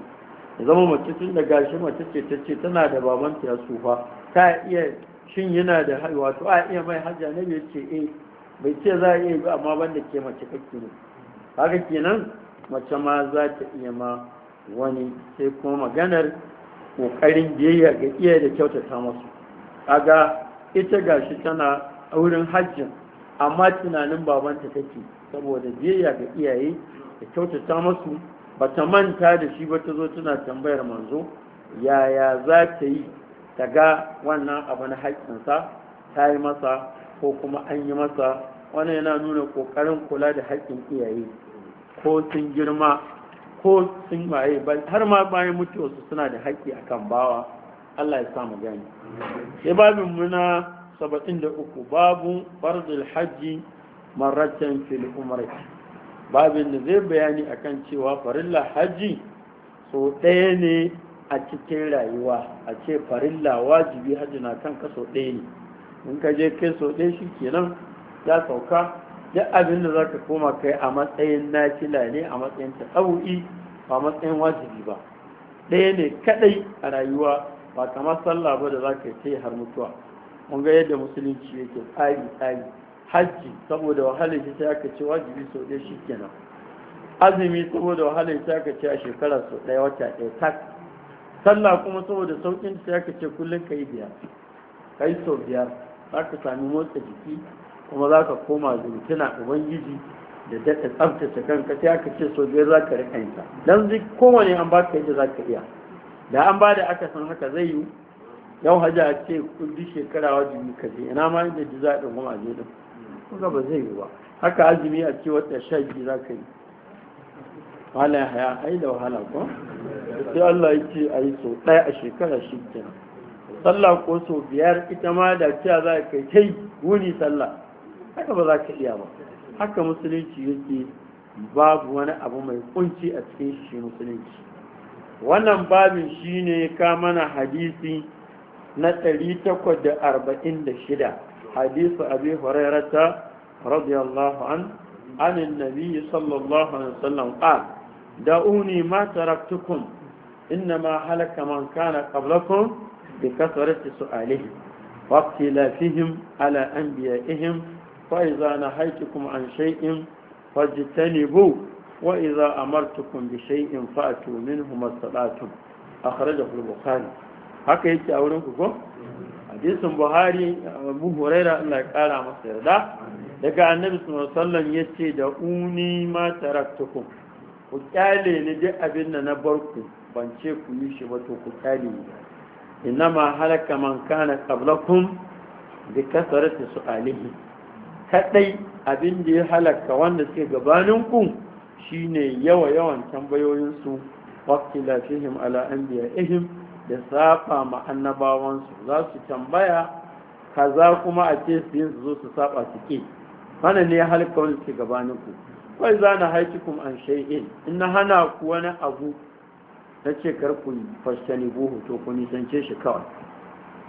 zama mace tun da gashi mace ce ta ce tana da babanta ya tsufa ta iya shin yana da wato a iya mai hajja ne bai ce eh bai ce za a iya ba amma banda ke mace kake ne haka kenan mace ma za ta iya ma wani sai kuma maganar ƙoƙarin biyayya ga iya da kyautata masu kaga ita gashi tana aurin hajjin amma tunanin babanta take saboda biyayya ga iyaye da kyautata masu ba ta manta da shi ba ta zo tana tambayar manzo yaya za ta yi ta ga wannan abu na haƙƙinsa ta yi masa ko kuma an yi masa wannan yana nuna ƙoƙarin kula da haƙƙin iyaye ko sun girma ko sun waye har ma bayan mutuwarsu suna da haƙƙi akan bawa Allah ya samu gani sai babin muna saba'in da uku babu farzul hajji marratan fil umri babin da zai bayani akan cewa farilla hajji so ɗaya ne a cikin rayuwa a ce farilla wajibi hajji na kan kaso ɗaya ne in ka je kai so ɗaya shi kenan ya sauka duk abin da za ka koma kai a matsayin nafila ne a matsayin ta tsawo'i ba matsayin wajibi ba ɗaya ne kaɗai a rayuwa ba kamar sallah ba da za ka ce har mutuwa mun ga yadda musulunci yake tsari tsari hajji saboda wahalar shi sai aka ce wajibi sau ɗaya shi kenan azumi saboda wahalar sai aka ce a shekara sau ɗaya wata ɗaya tak sallah kuma saboda sauƙin sai aka ce kullum ka yi biyar ka yi sau biyar za ka sami motsa jiki kuma za ka koma zintuna ubangiji da daɗa tsabtace kanka sai aka ce sojoji za ka riƙa yinta don zai kowane an ba ka yadda za ka iya da an ba da aka san haka zai yi yau haja a ce duk shekara wajibi ka je ina ma inda ji za a a je din kuma ba zai yi ba haka azumi a ce wata sha biyu za ka yi wala ya haya ai da wahala ko sai Allah ya ce a yi so ɗaya a shekara shi kenan sallah ko so biyar ita ma da cewa za ka kai wuni sallah haka ba za ka iya ba haka musulunci yake babu wani abu mai kunci a cikin shi musulunci wannan babin shi ne mana hadisi na 846 hadisu abi hurairata radiyallahu an anin nabi sallallahu alaihi wasallam qal da'uni ma taraktukum innama halaka man kana qablakum bi kasrati su'alihi wa ala anbiya'ihim فإذا نهيتكم عن شيء فاجتنبوه وإذا أمرتكم بشيء فأتوا منه ما استطعتم أخرجه البخاري haka yake a wurin kuko hadisin buhari abu huraira Allah ya kara masa yarda daga annabi sallallahu alaihi yace da uni ma taraktukum ku kyale ni duk abin da na bar ku ban ce ku yi shi ba to ku kyale ni ma halaka man kana qablakum bi kasrati su'alihi kadai abin da ya halaka wanda suke gabanin ku shine yawa yawan tambayoyinsu su waqtilafihim ala ihim da safa ma annabawan su za su tambaya kaza kuma a ce su yin su zo su saba su ke wannan ne ya halaka wanda suke gabanin ku kai za na kum an shay'in in na hana ku wani abu na ce karku fashtani buhu to ku nisance shi kawai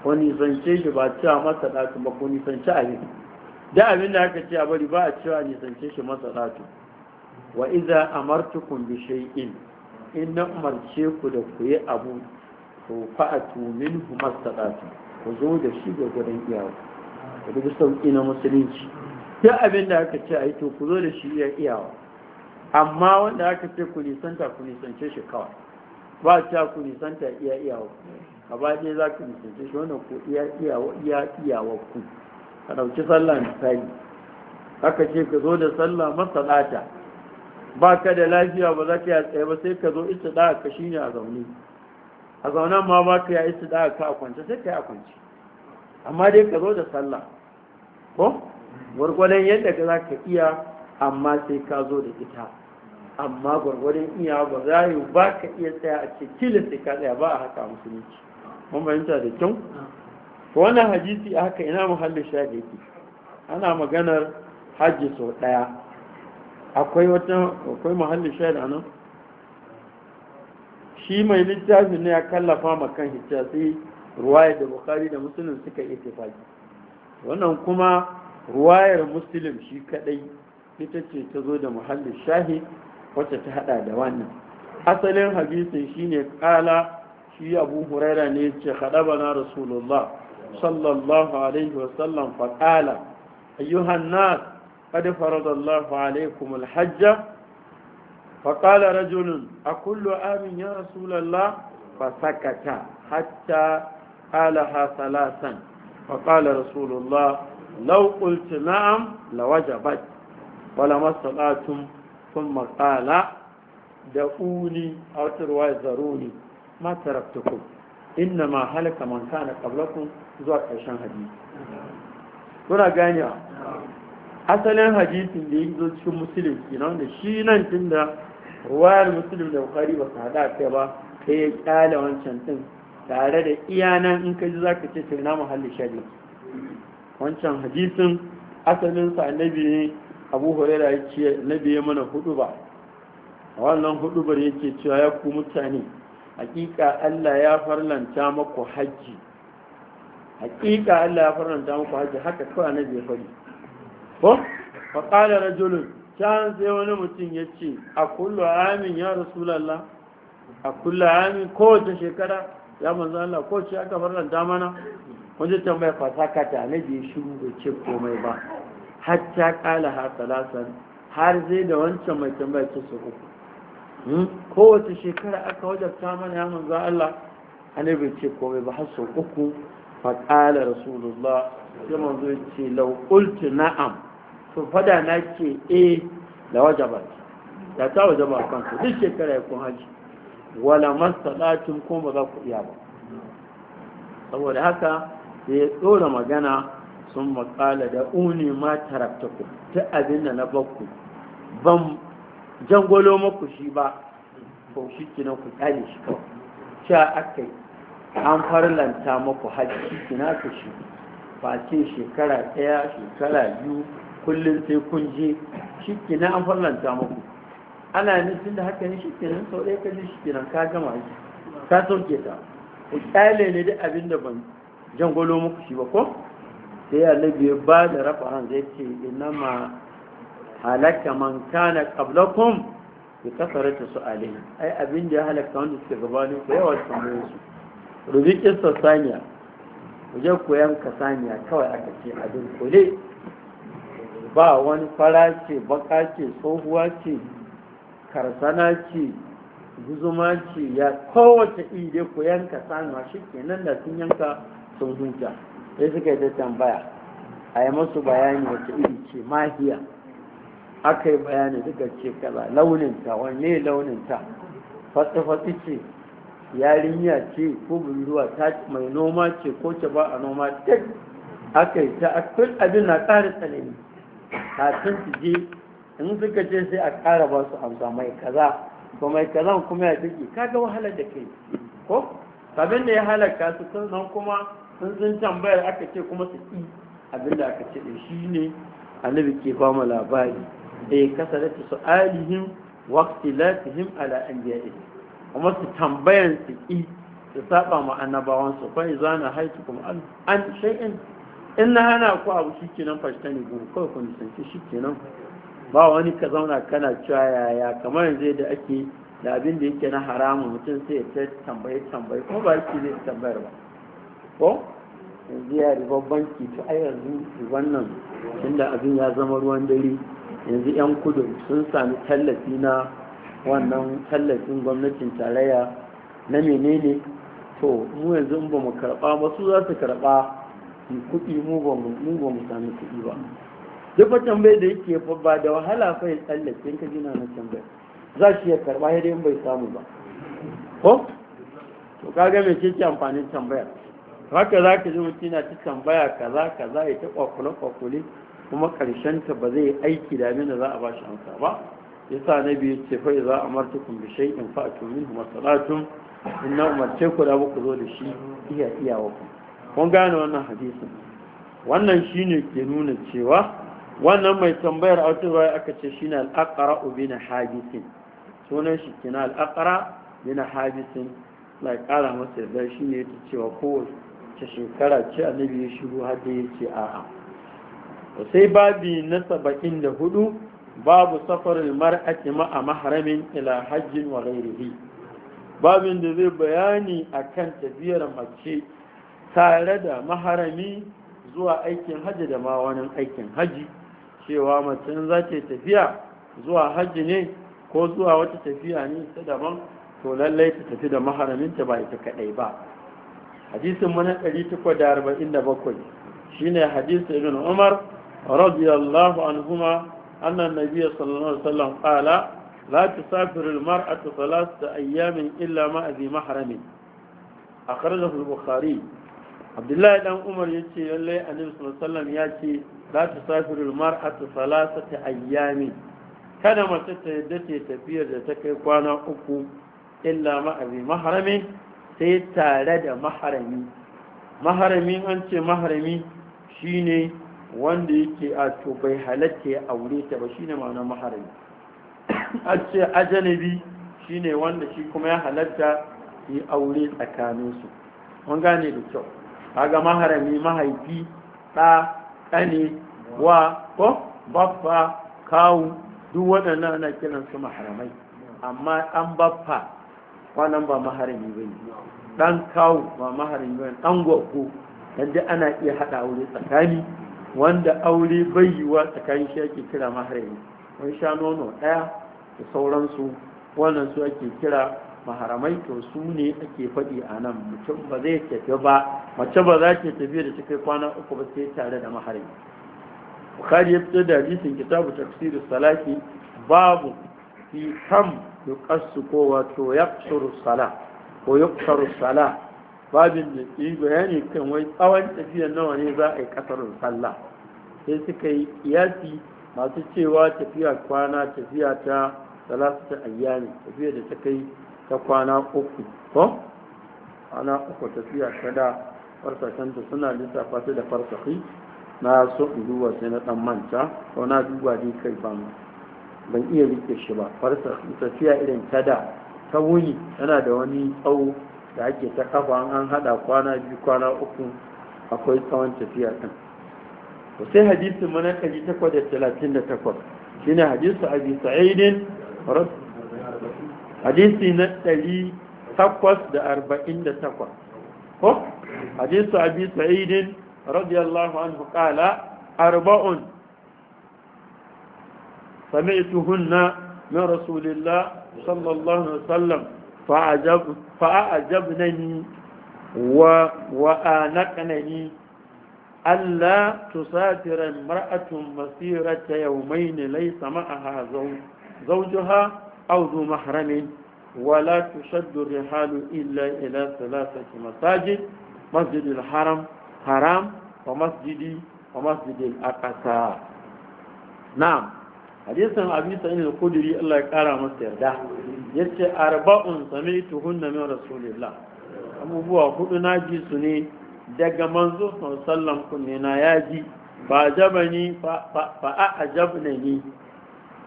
ku nisance shi ba cewa masa ɗakin ba ku nisance abin da abin da aka ce a bari ba a cewa nisance shi masalatu wa iza amartukum bi shay'in in na umarce ku da ku yi abu to fa'atu minhu masalatu ku zo da shi ga gurin iyawa da duk sauƙi na musulunci Da abin da aka ce a yi to ku zo da shi ga iyawa amma wanda aka ce ku nisanta ku nisance shi kawai ba a cewa ku nisanta iya iyawa a ba ɗaya za ku nisance shi wannan ku iya iyawa ku ka ɗauki sallah misali aka ce ka zo da sallah masalata ba ka da lafiya ba za ka yi a tsaye ba sai ka zo isa da ka shi ne a zaune a zaunen ma ba ka yi isa da ka a kwance sai ka yi a kwance amma dai ka zo da sallah ko gwargwadon yadda ka za ka iya amma sai ka zo da ita amma gwargwadon iya ba za yi ba ka iya tsaya a cikin sai ka tsaya ba a haka musulunci mun fahimta da kyau wannan hadisi a haka ina muhallin shaɗi ana maganar hajji sau ɗaya akwai wata akwai muhallin shaɗi a nan shi mai littafin ne ya kallafa makan hijja sai ruwayar da bukari da musulun suka yi faki? wannan kuma ruwayar musulun shi kadai ita ce ta zo da muhallin shahi wacce ta haɗa da wannan asalin hadisin shine kala shi abu huraira ne ce haɗaba na rasulullah sallallahu alaihi wasallam faƙala ayyuhan nas ƙadi faradallahu alaikum alhajja faƙala rajulun a kullu amin ya rasulallah fasakata hatta ƙalaha salasan faƙala rasulallah lau ƙulci na'am lawajabat wala masalatun sun maƙala da uni a wata ruwa zaruni matarabtukun inna ma halaka man kana qablakum zuwa ƙarshen hadisi kuna gane asalin hadisin da ya zo cikin muslim kenan da shi nan tun da ruwayar musulun da bukhari ba su haɗa kai ba sai ya ƙyale wancan din tare da iyanan in ka ji za ka ce sai muhalli shari wancan hadisin asalin sa annabi ne abu huraira ya ce annabi ya mana hudu ba wannan hudu bar yake cewa ya ku mutane hakika Allah ya farlanta maku hajji hakika Allah ya farlanta maku hajji haka kawai na bai fari ko fa qala rajulun can sai wani mutum ya a kullu amin ya rasulullah a kullu amin kowace shekara ya manzo Allah ko kowace aka farlanta mana ji tambaya ta na zai shiru da ce komai ba hatta kala ha salasan har zai da wancan mai tambaya ce su uku Hmm? kowace shekara aka wajabta mana ya manzo Allah annabi ce ko ba har sau uku fa qala rasulullah sai manzo ce law qultu na'am to fada na ce eh da wajaba da ta wajaba kan ku duk shekara ya kun haji wala masalatin ko ba za ku iya ba saboda haka sai ya tsora magana sun maƙala da uni ma ku ta abin da na bakku ban jangolo maku shi ba ko shi kina ku kyale shi kawai cewa aka yi an farlanta maku hajji shi kina ku shi ba ce shekara ɗaya shekara biyu kullum sai kun je shi kina an farlanta maku ana nufin da haka ne shi kinan sau ɗaya ka ji shi kinan ka gama shi ka sauke ta ku kyale ne duk abin da ban jangolo muku shi ba ko sai ya ya ba da rafa zai ce ina ma halaka man kana qablakum bi kasarati su'alihi ai abin da ya halaka wanda suke gabanin ku yawa tambayoyin su rubi kissa saniya koyan ka saniya kawai aka ce abin kule ba wani fara ce baka ce tsohuwa ce karsana ce guzuma ce ya kowace ide ku yanka sanuwa shi kenan da sun yanka sun zunta sai suka yi tambaya a yi masu bayani wata iri ce mahiya aka yi bayani duka ce kaza launinta wanne launinta fatsi-fatsi ce yarinya ce ko budurwa ta mai noma ce ko ce ba a noma tek aka yi ta akwai abin na ƙara tsanani kafin su je in suka ce sai a ƙara ba su amsa mai kaza ba mai kaza kuma ya take kaga wahala da kai ko abin da ya halaka su sun kuma sun sun tambayar aka ce kuma su ƙi abin da aka ce shi ne annabi ke ba labari da su su'alihim wakti ikhtilafihim ala anbiya'ihim kuma su tambayan su ki su saba ma annabawan su fa za na haitukum an an shay'in in na hana ku abu shikenan ne gudu kawai ku nisanci nan ba wani ka zauna kana cewa yaya kamar yanzu da ake da abin da yake na haramun mutum sai ya tambaye tambaye kuma ba yake zai tambayar ba ko yanzu ya ribar banki to ai yanzu wannan tunda abin ya zama ruwan dare yanzu 'yan kudu sun sami tallafi na wannan tallafin gwamnatin tarayya na menene to mu yanzu ba mu karɓa ba su za su karɓa mu kudi mu ba mu sami kudi ba duk ba tambayar da yake fa ba da wahala fa ya tsallake ka jina na tambayar za shi ya karɓa ya dai bai samu ba ko to kaga me ke ke amfanin tambayar haka za ka ji mutum na ta tambaya kaza kaza ya ta kwakwule kuma ta ba zai aiki da da za a ba shi amsa ba yasa na ya ce fai za a marta kun bi shai in fa'atu min kuma salatun in na umarce ku da ku zo da shi iya iya wa ku kun gane wannan hadisin wannan shine ke nuna cewa wannan mai tambayar bai aka ce shine al-aqra na hadisin sunan shi kina al-aqra na hadisin mai kara masa da shine ce cewa kowace shekara ce annabi ya shigo har da yace a'a sai babi na saba'in da hudu babu safarin mar'ati ma'a maharamin ila hajjin wa ghairihi babin da zai bayani kan tafiyar mace tare da maharami zuwa aikin hajji da ma wani aikin hajji cewa mace za ta tafiya zuwa hajji ne ko zuwa wata tafiya ne ta daban to lallai ta tafi da maharaminta ba ita kaɗai ba hadisin mana 847 shine hadisin ibn umar رضي الله عنهما أن النبي صلى الله عليه وسلم قال لا تسافر المرأة ثلاثة أيام إلا مع ذي محرم أخرجه البخاري عبد الله بن عمر يتي لله النبي صلى الله عليه وسلم يأتي لا تسافر المرأة ثلاثة أيام كان ما تتدتي تبير تكي كوانا أكو إلا مع ذي محرم سيتارد محرمي محرمي أنت محرمي شيني wanda yake a to bai halatta ya aure ta ba shine ma'ana maharami a ce ajanabi shine wanda shi kuma ya halatta yi aure tsakaninsu mun gane da kyau kaga maharami mahaifi ɗa ɗane, wa ko baffa kawu duk waɗannan ana su maharamai amma ɗan baffa wannan ba maharami ba ne ɗan kawu ba maharami ba ne ɗan gwaggo dan ana iya haɗa aure tsakani wanda aure bai yiwuwa tsakanin shi ake kira maharami wani sha nono ɗaya da sauransu wannan su ake kira maharamai to su ne ake faɗi a nan mutum ba zai tafi ba mace ba za ta tafi da cikin kwana uku ba sai tare da maharami bukari ya fito da hadisin kitabu tafsir salafi babu fi kam yuqassu ko wato yaqsuru sala ko sala babin da yi bayani kan wai tsawon tafiyar nawa ne za a yi kasar sallah sai suka yi kiyasi masu cewa tafiya kwana tafiya ta salasta ayyami tafiya da ta kai ta kwana uku ko kwana uku tafiya kada farsakanta suna lissafa su da farsashi na so in duba sai na dan manta ko na duba dai kai ban ban iya rike shi ba farsashi tafiya irin ta da ta wuni yana da wani tsawo da ake ta kafa an hada kwana biyu kwana uku akwai tsawon tafiya to sai hadisin mana kaji takwas da talatin da takwas shine hadisu abi sa'idin hadisi na ɗari takwas da arba'in da takwas ko hadisu abi sa'idin radiyallahu anhu kala arba'un sami'tuhunna min rasulillah sallallahu alaihi wasallam fa’ajab na ni wa Allah tusatira mar’atun masirata yau mai ne lai sama a ha zauju ha auzu maharami wala tu shaddur halu illa ila salasaki masajid masjidil haram haram wa masjidi wa masjidil akasa na’am hadisin abi sa'id al-khudri Allah ya kara masa yarda yace arba'un sami'tu hunna min rasulillah abubuwa hudu na ji su ne daga manzo sallam kunne na yaji ba jabani fa a ajabna ni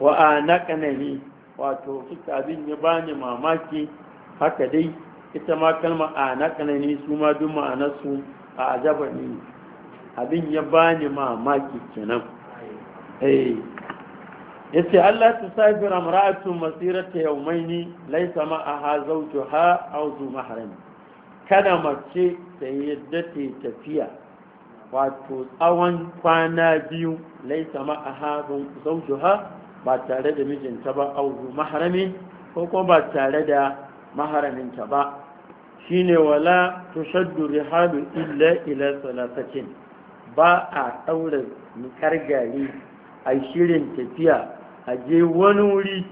wa anaqna ni wato suka abin ya bani mamaki haka dai ita ma kalma anaqna ni su ma duk su a ajabani abin ya bani mamaki kenan eh ya Allah ta safi ramratu masirata yau maini laisa ma'aha zauju ha auzu maharami kada mace ta yadda ta tafiya wato tsawon kwana biyu laisa ma'aha zauju ha ba tare da mijinta ba auzu maharami ko kuma ba tare da maharaminta ba shine wala tushaddu rihalu illa ila salasatin ba a ɗaura nikar gari a shirin tafiya a je wani wuri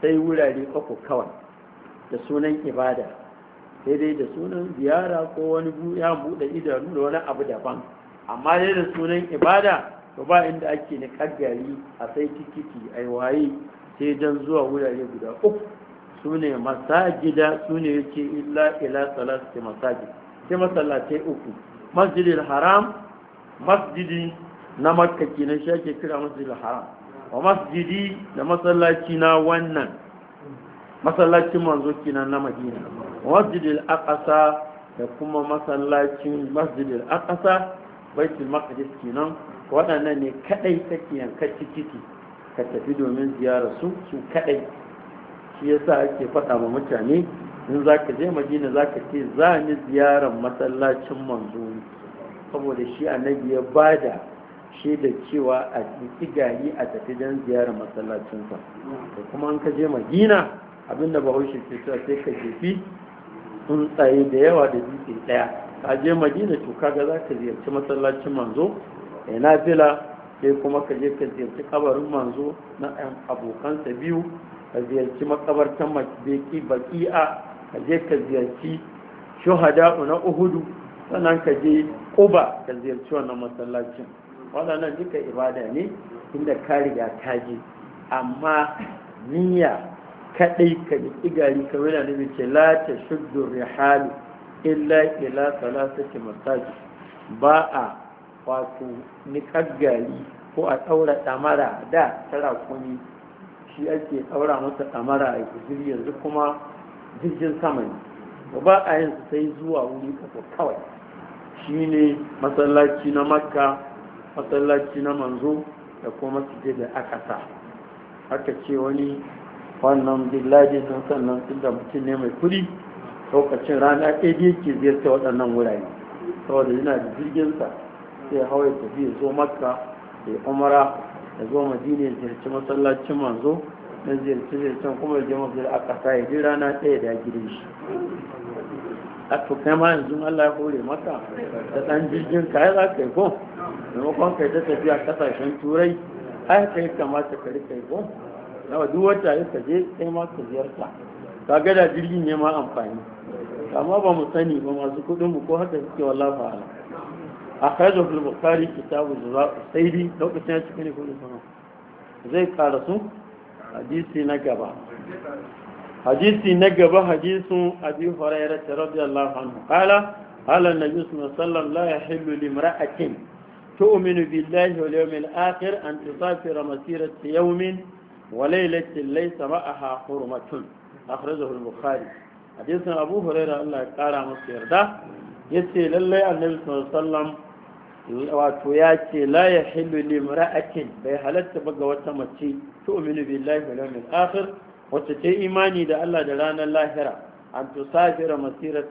sai wurare uku kawai da sunan ibada sai dai da sunan ziyara ko wani ya buɗe idanu da wani abu daban amma dai da sunan ibada to ba inda ake na kaggari a sai tikiti a waye sai don zuwa wurare guda uku su ne masajida su ne yake illa ila salatu masajid sai masallatai uku masjidil haram masjidi na makka na shi ake kira masjidil haram wa masjidi da masallaci na wannan masallacin manzo kinan na madina wa masjidil aqsa da kuma masallacin masjidil aqsa baitul maqdis kinan waɗannan ne kadai take yanka tikiti ka tafi domin ziyara su su kadai shi yasa ake faɗa ma mutane in za je madina zaka ka ce za ni ziyarar masallacin manzo saboda shi annabi ya bada da cewa a tsigari a tafi don ziyarar masallacinsa da kuma an ka je madina abinda bahaushe ce cewa sai ka jefi tsuntsaye da yawa da dutse daya ka je madina to kaga za ka ziyarci masallacin manzo ya fila sai kuma ka je ka ziyarci kabarin manzo na abokansa biyu ka ziyarci makabartan baki baki'a ka je ka ziyarci shuhada na uhudu sannan ka je kuba ka ziyarci wannan masallacin waɗannan duka ibada ne inda ka riga ka ji. amma niyya kaɗai ka yi gari kamar yana nufin ce la ta shuddu rihalu illa ila salasati masaji ba a wato ni gari ko a ɗaura ɗamara da tara kuni shi ake ɗaura masa ɗamara a guzuri yanzu kuma jirgin sama ne ba a yin sai zuwa wuri kawai shi ne masallaci na makka masallaci na manzo da kuma masjid da aka sa aka ce wani wannan billadin na sannan tunda mutum ne mai kuɗi. lokacin rana ɗaya da yake ziyarta waɗannan wurare saboda yana da jirginsa sai hawaye ya tafi ya zo makka ya umara ya zo madina ya ziyarci masallacin manzo na ziyarci ziyarcen kuma ya je masjid a ƙasa ya ji rana ɗaya da ya gidan shi a to kai ma yanzu Allah ya hore maka da ɗan jirgin ka ya za ka yi ko maimakon kai ta tafiya kasashen turai ai ka yi kamata ka rika yi ko nawa duk wata ya kaje sai ma ka ziyarta ka ga da jirgi ne ma amfani amma ba mu sani ba masu kuɗin mu ko haka suke wallahi fa ala akhrajahu al-bukhari kitabu zuwa sayyidi lokacin ya cikin kullu sama zai kara su hadisi na gaba hadisi na gaba hadisun abi hurairah radiyallahu anhu qala qala an-nabi sallallahu alaihi wasallam la yahillu limra'atin تؤمن بالله واليوم الآخر أن تسافر مسيرة يوم وليلة ليس معها حرمة أخرجه البخاري حديث أبو هريرة الله مصير ده يسي لله النبي صلى الله عليه وسلم wato ya ce la bai halatta ba ga wata mace tu'minu billahi wal imani da Allah da ranar lahira an tafiyar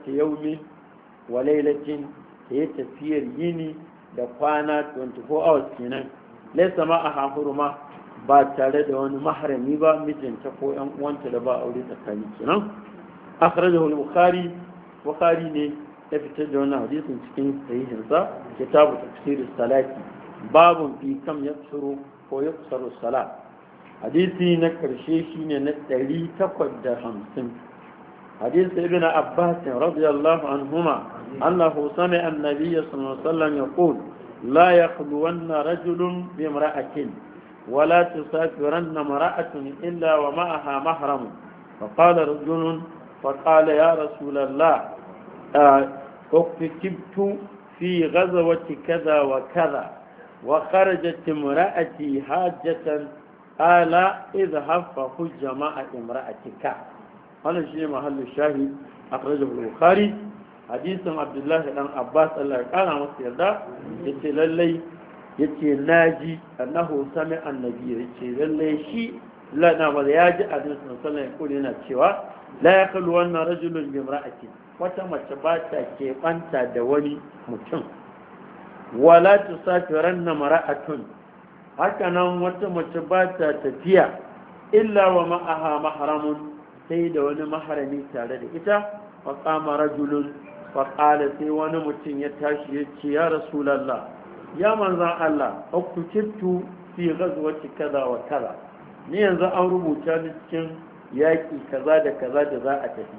yini da kwana 24 hours kenan laisa ma a ma ba tare da wani maharami ba mijinta ko yan uwanta da ba aure tsakani kenan akhrajahu al-bukhari bukhari ne ya fitar da wannan hadisin cikin sahihin sa kitabu tafsir salati babun fi kam yafsuru ko yafsuru salat hadisi na karshe shine na 850 hadisi ibn abbas radiyallahu anhuma أنه سمع النبي صلى الله عليه وسلم يقول لا يخلون رجل بامرأة ولا تسافرن امرأة إلا ومعها محرم فقال رجل فقال يا رسول الله اكتبت في غزوة كذا وكذا وخرجت امرأتي حاجة ألا اذهب فخج مع امرأتك هذا الشيء محل الشاهد أخرجه البخاري hadisin abdullahi dan abbas allah ya kara masa yarda ya ce lallai ya ce naji annahu sami annabi ya ce lallai shi lana ba ya ji a dinsa sallan ya kuri yana cewa la ya kalu wannan rajulun wata mace ba ta keɓanta da wani mutum wala ta ran na mara'atun haka nan wata mace ba ta tafiya illa wa ma'aha maharamun sai da wani maharami tare da ita wa kama rajulun faƙala sai wani mutum ya tashi ya ce ya rasulallah ya manzan Allah akutittu fi ghazwati kaza wa kaza ni yanzu an rubuta ni cikin yaƙi kaza da kaza da za a tafi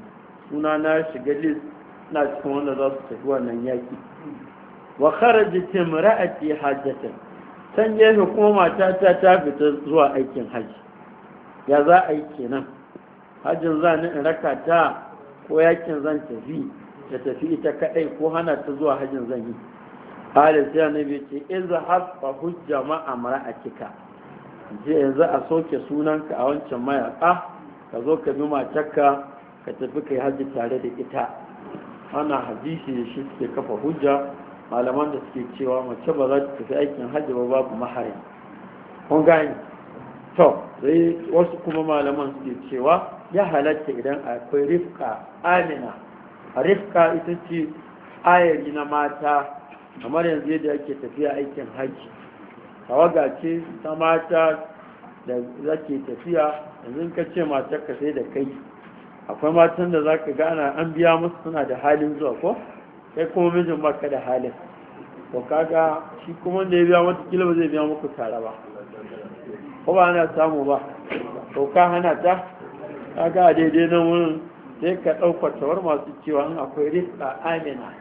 suna na shiga list na cikin wanda za su tafi wannan yaƙi wa kharajat imra'ati hajjatan san gefe kuma matata ta fita zuwa aikin hajji ya za a yi kenan hajjin za ni in raka ta ko yakin zan tafi ta tafi ita kaɗai ko hana ta zuwa hajjin zan yi ƙalin sai annabi ce in za hujja ma a kika je yanzu a soke ka a wancan mayaƙa ka zo ka bi matarka ka tafi kai hajji tare da ita ana hadisi da shi suke kafa hujja malaman da suke cewa mace ba za ta tafi aikin hajji ba babu mahari kun gani to sai wasu kuma malaman suke cewa ya halatta idan akwai rifka amina rifka ita ce ayari na mata kamar yanzu yadda ake tafiya aikin hajji kawaga ce ta mata da zake tafiya yanzu ka ce matar ka sai da kai akwai matan da zaka ga ana an biya musu suna da halin zuwa ko kai kuma mijin baka da halin to kaga shi kuma da ya biya mata kila ba zai biya muku tare ba ko ba ana samu ba to ka hana ta kaga daidai nan wurin sai ka ɗaukar tawar masu cewa in akwai rifka amina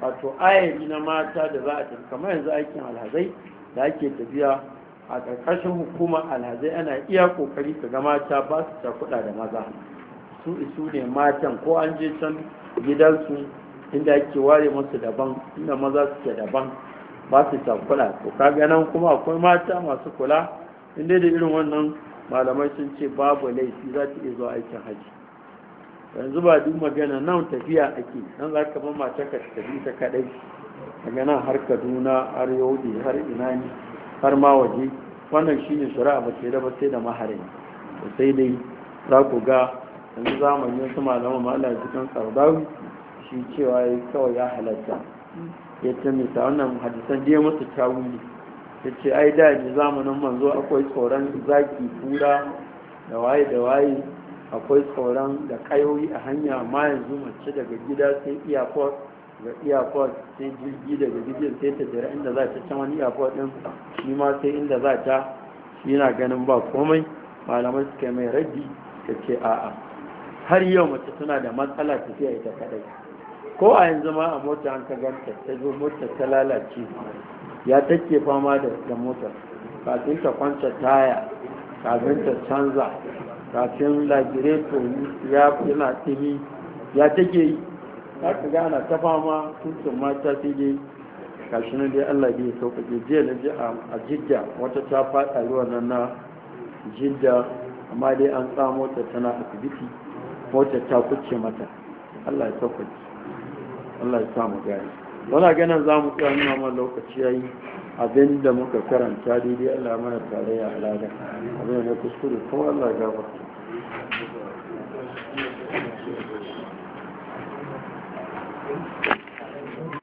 wato ayari na mata da za a kamar yanzu aikin alhazai da ake tafiya a ƙarƙashin hukumar alhazai ana iya ƙoƙari ka ga mata ba su kuɗa da maza su isu ne matan ko an je can gidansu inda ake ware masu daban inda maza suke daban ba su kuɗa to kaga nan kuma akwai mata masu kula inda da irin wannan malamai sun ce babu laifi za ta iya zuwa aikin hajji yanzu ba duk magana nan tafiya ake nan za ka ban ta ka tafi ta kadai daga nan har kaduna har yaudi har ina har ma waje wannan shine shari'a ba ce da ba sai da maharin to sai dai za ku ga yanzu zamani wasu malama mala cikin sardawi shi cewa ya kawai ya halatta ya ce wannan hadisan da ya masa tawuli ya ce ai da zamanin manzo akwai tsoron zaki kura da waye da waye akwai tsoron da kayoyi a hanya ma yanzu mace daga gida sai airport ga airport sai jirgi daga jirgin sai ta jira inda za ta can wani airport din shi ma sai inda za ta yana ganin ba komai malamai suka mai raddi ta ce a'a har yau mace tana da matsala tafiya ita kadai ko a yanzu ma a mota an ka ganta ta zo mota ta lalace ya take fama da motar kafin ta kwanta taya kafin ta canza kafin lagireto ya yana tsimi ya take yi ta ka gana ta fama tuntun mata sai dai kashi na dai allah bai sauƙaƙe jiya na ji a jidda wata ta faɗa ruwan nan na jidda amma dai an tsamo ta tana asibiti mota ta kuce mata allah ya sauƙaƙe allah ya samu gani wani ganin za mu tsaya nuna ma lokaci ya yi abin da muka karanta daidai allah mana ya halaga abin da kuskure kuma allah ya gabata Thank you.